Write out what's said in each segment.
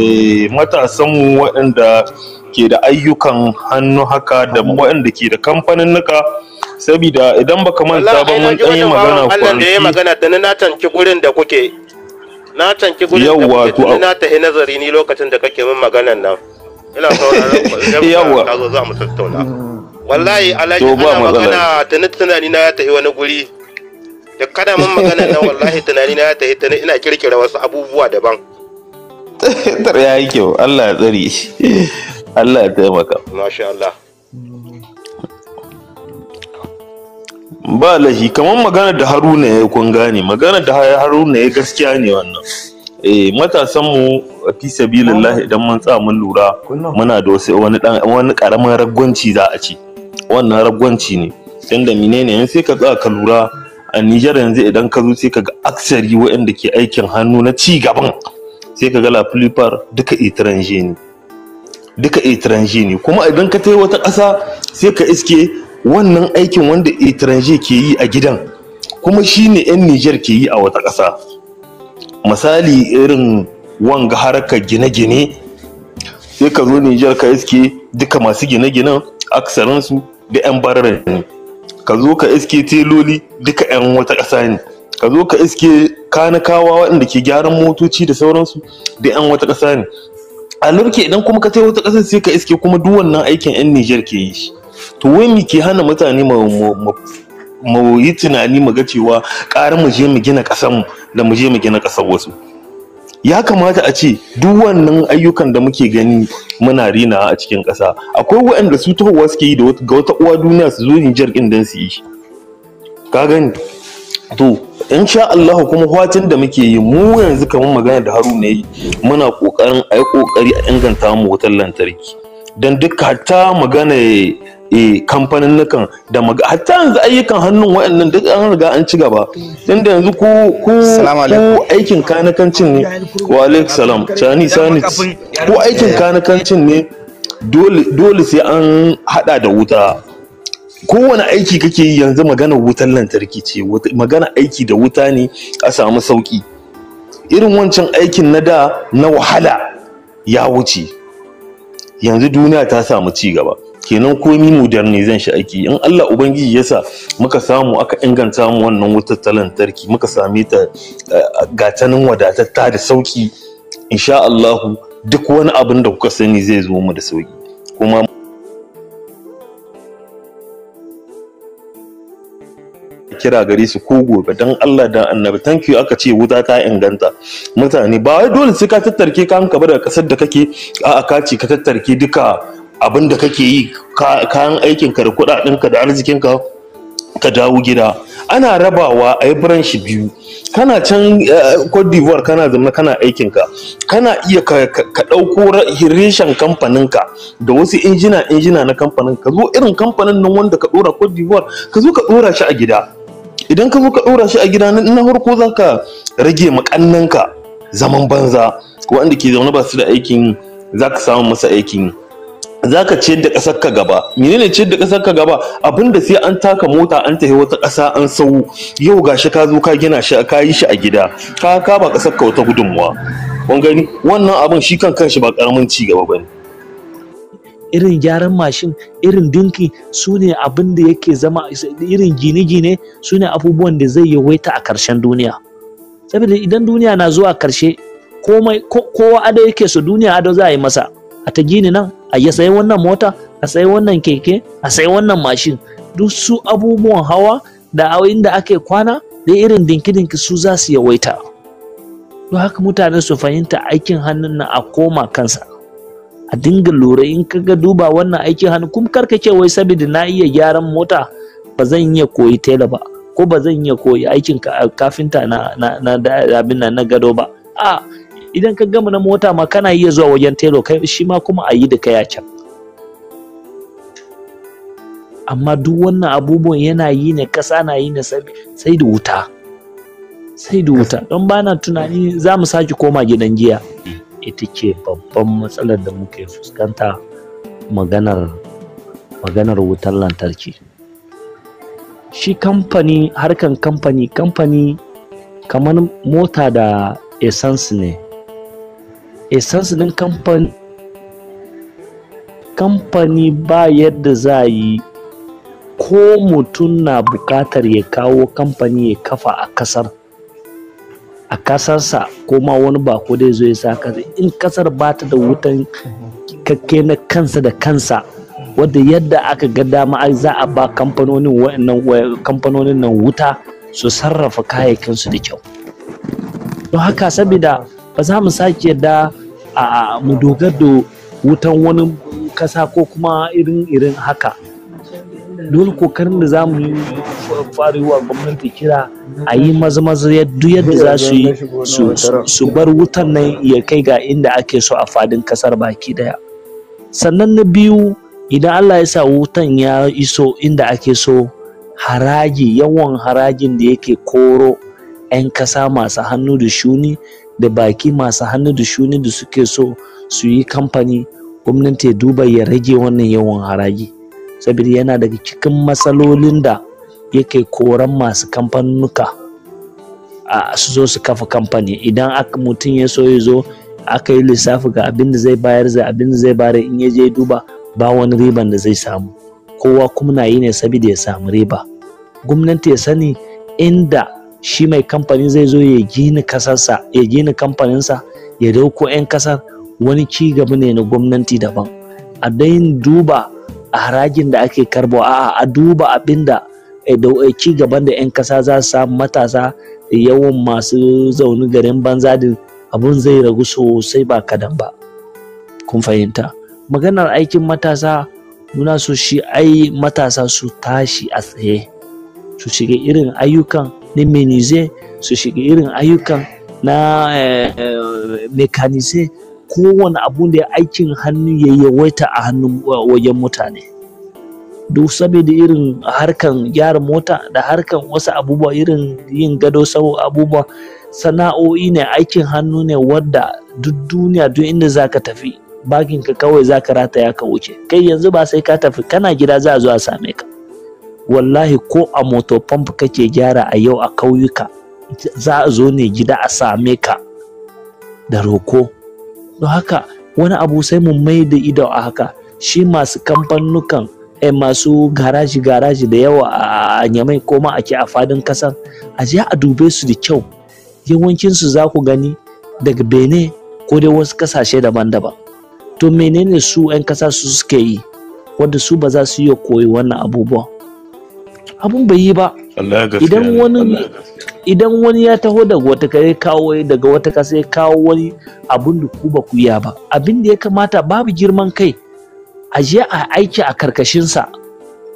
Eh, matasanmu waɗanda ke da ayyukan hannu haka da waɗanda ke da kamfanin nuka sabida idan baka manta ba mun dan yi magana Allah da magana da na min wallahi alaji ana magana tuni tunani na ya tafi wani guri da kada mun magana nan wallahi tunani na ya tafi tuni ina kirkira wasu abubuwa daban ya yi kyau Allah ya tsari Allah ya taimaka masha Allah ba lahi kamar magana da haruna ya kun gane magana da haruna ya gaskiya ne wannan eh matasan mu fi sabilillah idan mun tsa mun lura muna da wasu wani dan wani karamin ragwanci za a ci wannan ragwanci ne tunda menene yan sai ka tsaya ka lura a Nijar yanzu idan ka zo sai ka ga aksari waɗanda ke aikin hannu na ci gaban sai ka gala flipper duka itiranje ne duka itiranje ne kuma idan ka yi wata ƙasa sai ka iske wannan aikin wanda itiranje ke yi a gidan kuma shi ne 'yan Nijar ke yi a wata ƙasa misali irin wanga harkar gine-gine sai ka zo Nijar ka iske duka masu gine-ginen aksarinsu da 'yan barara ne ka zo ka iske teloli duka 'yan wata ƙasa ne ka zo ka iske kawa waɗanda ke gyaran motoci da sauransu da yan wata ƙasa ne a lurke idan kuma ka sai wata ƙasar sai ka iske kuma duk wannan aikin yan Nijar ke yi to wai me ke hana mutane ma yi tunani mu ga cewa ƙara mu je mu gina ƙasar da mu je mu gina ƙasar wasu ya kamata a ce duk wannan ayyukan da muke gani muna rina a cikin ƙasa akwai waɗanda su tahowa suke yi ga wata uwa duniya su zo Nijar ɗin don su yi ka gani to in sha Allah kuma hwacin da muke yi mu yanzu kamar magana da Haruna yi muna kokarin a yi kokari a inganta mu wutar lantarki don duk hatta magana e eh, kamfanin nukan da maga hatta yanzu ayyukan hannun wa'annan duk an riga an ci gaba da yanzu ku ku aikin kanakancin ne wa alaikum salam chani sani ku aikin kanakancin ne dole dole sai an hada da wuta kowane aiki kake yi yanzu magana wutan lantarki ce magana aiki da wuta ne a samu sauki irin wancan aikin na da na wahala ya wuce yanzu duniya ta samu ci gaba kenan komi modernizan shi aiki in Allah ubangiji ya sa muka samu aka inganta mu wannan wutar ta lantarki muka same ta eh, gatanin wadatatta da sauki Insha'allahu duk wani abin da kuka sani zai zo mu da sauki kuma kira gare su ko gobe don Allah da annabi thank you aka ce wuta ta inganta mutane ba wai dole sai ka tattarke ka hanka daga kasar da kake a ka ce ka tattarke duka abin da kake yi kayan aikinka da kuɗaɗenka da arzikin ka dawo gida ana rabawa a yi branch biyu kana can eh, Cote d'Ivoire kana zama kana aikinka kana iya ka ɗauko reshen kamfaninka da wasu injina injina na kamfanin ka zo irin kamfanin nan wanda ka ɗora Cote d'Ivoire ka zo ka ɗora shi a gida idan ka zo ka ɗora shi a gida na farko za ka rage makannanka zaman banza wanda ke zaune ba su da aikin za ka samu masa aikin za ka ciyar da ƙasar ka gaba menene ciyar da ƙasar ka gaba da sai an taka mota an tafi wata ƙasa an sau yau gashi ka zo ka gina shi ka yi shi a gida ka kaba ƙasar ka wata gudunmuwa wannan abin shi kan kanshi ba ƙaramin ci gaba bane irin gyaran mashin irin dinki su ne abin da yake zama irin gine-gine su ne abubuwan da zai yawaita a karshen duniya saboda idan duniya na zuwa ƙarshe kowa ado yake so duniya ado za a yi masa a ta gini nan a ya sayi wannan mota a sayi wannan keke a sayi wannan mashin duk su abubuwan hawa da inda ake kwana da irin dinki-dinki su za su yawaita don haka mutane su fahimta aikin hannun na a koma kansa a dinga lura in ka ga duba wannan aikin hannu kuma ka ce wai saboda na iya gyaran mota ba zan iya koyi tela ba ko ba zan iya koyi aikin kafinta na na abin nan na gado ba a idan ka gama na mota ma kana iya zuwa wajen telo kai shi ma kuma a yi da kai a can amma duk wannan abubuwan yana yi ne kasa na yi ne sai da wuta sai da wuta don ba na tunani za mu sake koma gidan giya ita ce babban matsalar da muke fuskanta maganar maganar wutar lantarki shi kamfani harkan kamfani kamfani kamar mota da essence ne essence din kamfani kamfani ba yadda za yi ko mutum na bukatar ya kawo kamfani ya kafa a kasar a kasarsa ko ma wani bako dai zo ya sa kasa in ƙasar ba ta da wutan kakke na kansa da kansa wadda yadda aka ga dama za a ba kamfanonin nan wuta su sarrafa kayayyakinsu da kyau don haka saboda ba za mu sake yadda a mu dogar da wutan wani kasa ko kuma irin irin haka dole kokarin da za mu yi farewa gwamnati kira a yi maza maza yadda za su yi su bar wutan nan ya kai ga inda ake so a fadin kasar baki daya sannan na biyu idan allah ya sa wutan ya iso inda ake so haraji yawan harajin da yake koro 'yan kasa masu hannu da shuni da baki masu hannu da shuni da suke so su yi kamfani gwamnati ya duba ya rage wannan yawan haraji saboda yana daga cikin matsalolin da yake koran masu kamfanuka a su zo su kafa kamfani idan mutum ya so ya zo aka yi lissafi ga abin da zai bayar zai abin da zai bayar in ya je duba ba wani riban da zai samu kowa kuma na yi ne saboda ya samu riba gwamnati ya sani inda shi mai kamfani zai zo ya gina kasarsa ya gina kamfaninsa ya dauko 'yan kasar wani ci gaba ne na gwamnati daban a dayin duba A harajin da ake karbo a a duba abin eh, da eh, ci gaban da 'yan kasa za su samu matasa yawan masu zaune garin banza din abun zai ragu sosai ba kadan ba kun fahimta maganar aikin matasa muna so shi ai matasa su tashi a tsaye su shiga irin ayyukan na menize su shiga irin ayyukan na eh, mekanize kowane abu da aikin hannu ya yawaita a hannun wajen mutane duk saboda irin harkan gyara mota da harkan wasu abubuwa irin yin gado sau abubuwa sana'o'i ne aikin hannu ne wadda duk duniya duk inda zaka tafi bakin ka kawai zaka rataya ka wuce kai yanzu ba sai ka tafi kana gida za a zo a same ka wallahi ko a moto pump kake gyara a yau a kauyuka za a zo ne gida a same ka da roko don haka wani abu sai mu mai da ido a haka shi masu kamfanukan eh, masu garaji garaji da yawa a nyamai ko ma ake a fadin kasar a je a dube su da kyau yawancin su za ku gani daga bene ko dai wasu kasashe daban-daban to menene su 'yan kasa su suke yi wanda su ba za su iya koyi wannan abubuwan abun bai yi ba idan wani idan wani ya taho daga wata kare kawo daga wata kasa ya kawo wani abin da ku ba ku iya ba abin da ya kamata babu girman kai a je a aiki a karkashinsa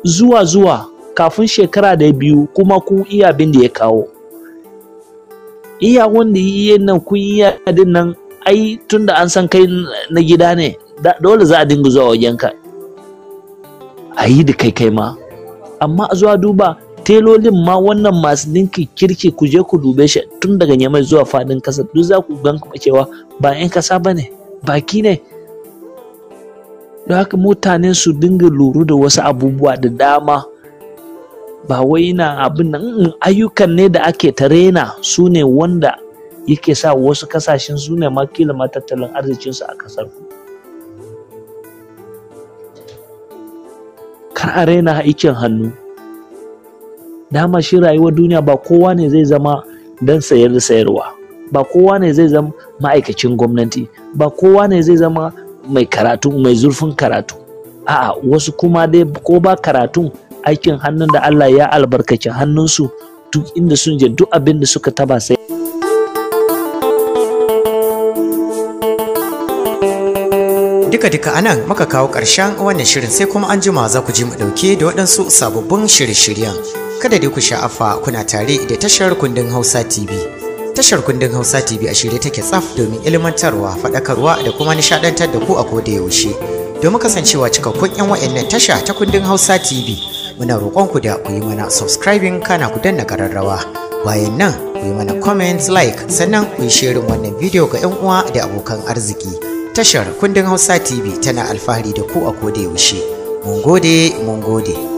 zuwa zuwa kafin shekara da biyu kuma kun iya abin da ya kawo iya wanda iya nan kun iya din nan ai da an san kai na gida ne dole za a dinga zuwa wajenka a yi da kai kai ma amma a zuwa duba telolin ma wannan masu dinki kirki ku je ku dube shi tun daga nyamai zuwa fadin kasa duk za ku gan kuma cewa ba 'yan kasa ba ne baki ne don haka mutane su dinga luru da wasu abubuwa da dama ba wai na abin nan mm, ayyukan ne da ake ta rena su ne wanda yake sa wasu kasashen su ne matattalin ma tattalin arzikinsu a kasar ku kar a raina aikin hannu dama shi rayuwar duniya ba kowa ne zai zama don sayar da sayarwa ba kowa ne zai zama ma'aikacin gwamnati ba kowa ne zai zama mai karatu mai zurfin karatu a'a wasu kuma dai ko ba karatun aikin hannun da Allah ya albarkaci hannunsu duk inda sun je duk abin da suka taba sai duka-duka anan muka kawo ƙarshen wannan shirin sai kuma an jima za ku ji mu ɗauke da waɗansu sababbin shirye-shiryen kada dai ku sha'afa kuna tare da tashar kundin Hausa TV. Tashar kundin Hausa TV a shirye take tsaf domin ilmantarwa, faɗakarwa da kuma nishaɗantar da ku a koda yaushe. Domin kasancewa cikakkun 'yan wa'annan tasha ta kundin Hausa TV, muna roƙon ku da ku yi mana subscribing kana ku danna kararrawa. Bayan nan ku yi mana comments like sannan ku yi sharing wannan bidiyo ga 'yan uwa da abokan arziki. Tashar kundin Hausa TV tana alfahari da ku a koda yaushe. Mun gode, mun gode.